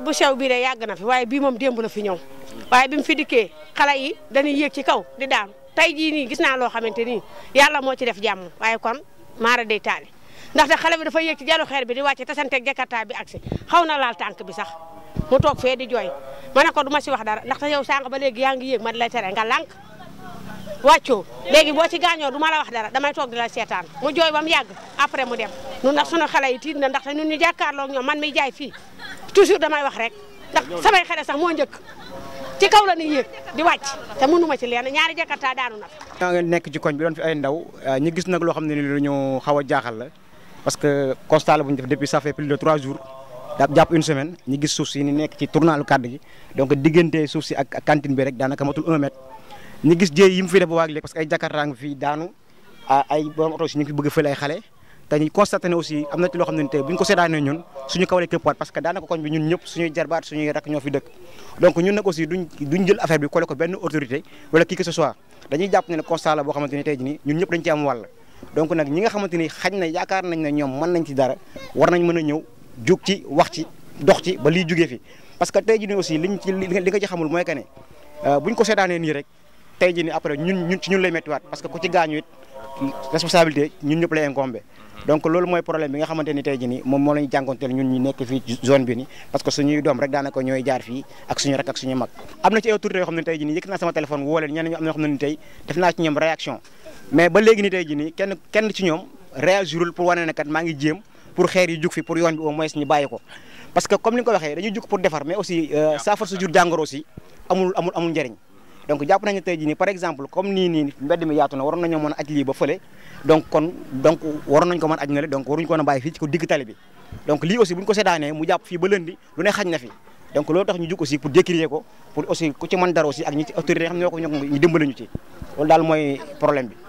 bu sew bii de yàgg na fi waaye bii moom démb la fi ñëw waaye bi mu fi dikkee xale yi dañuy yéeg ci kaw di daanu tey jii nii gis naa loo xamante ni yàlla moo ci def jàmm waaye kon maara day taali ndaxte xale bi dafa yéeg ci jalu xeer bi di ta tasanteeg jakarta bi agsi xaw na laal tànk bi sax mu toog fee di jooy ma ne ko du ma si wax dara ndaxte yow sànq ba léegi yaa ngi yéeg ma di la tere nga lànk wàccoo léegi boo ci gaañoo du ma la wax dara damay toog di seetaan mu jooy ba mu yàgg après mu dem nun nag sunu xale yi tiit na ndaxte ñun jàkkaarloo ñoom man miy jaay fii toujours damay wax rek ndax samay xale sax moo njëkk ci kaw la ni yéeg di wàcc te mënuma ci leen ñaari jakarta daanu na ñoo nekk ci koñ bi doon fi ay ndaw ah, ñu gis nag loo xam ne ni lu xaw a jaaxal la parce que constat la bu ñu def depuis ça fait plus de trois jours daa une semaine ñu gis suuf si ni nekk ci tournalu kàdd gi donc diggante suuf si a cantine bi rek daanaka matul un mètre ñu gis jéey yi mu fi def ba waag léegi parce que ay jakarta ngi fi daanu ah, ay borom oto si ñu ngi fi bëgg fël xale te ñu constaté ne aussi am na ci loo xam ne tey bu ñu ko seetaanee ñun suñu kaw lay képp waat parce que daanaka koñ bi ñun ñëpp suñuy jarbaat suñuy rak ñoo fi dëkk donc ñun nag aussi duñ duñ jël affaire bi collé ko benn autorité wala qui que ce dañuy jàpp ne constat la boo xamante ni tey ji ni ñun ñëpp dañ ci am wàll donc nag ñi nga xamante ni xañ na yaakaar nañ ne ñoom man nañ ci dara war nañ mën a ñëw jug ci wax ci dox ci ba lii jugee fi parce que tey ji ni aussi liñ ci li nga xamul mooy que ne euh, ko seetaanee nii rek tey ji ni après ñun ñun ci ñun lay parce que ku ci gaañu it responsabilité ñun ñu la incombé donc loolu mooy problème bi nga xamante ni tey jii nii moom moo la ñu jànkonteel ñun ñu nekk fii zone bi ni parce que suñuy doom rek daanaka ñooy jaar fii ak suñu rek ak suñu mag am na ci ay autorités yoo xam ne tey ñu am na yoo xam ne tey def naa ni kenn kenn ci ñoom réagirul pour ne kat maa ngi jéem pour xeer yi jug fi pour yoon bi au moins ñu bàyyi ko parce que comme ni nga ko waxee dañuy jug pour defar mais aussi euh, saafara su jur jàngoro aussi amul amul amul njëriñ donc jàpp nañu tey jii nii par exemple comme nii nii mbedd mi yaatu na waroon nañoo mën a aj lii ba fële donc kon donc waroon nañ ko mën a aj na le donc waruñu ko mën a bàyyi fii ci ko digg tali bi donc lii aussi bu ñu ko seedaanee mu jàpp fii ba lu ne xaj na fi donc loolu tax ñu jug aussi pour décrier ko pour aussi ku ci dara aussi ak ñi ci autorité xam ne ñoo ko ñu dimbali ci loolu daal mooy problème bi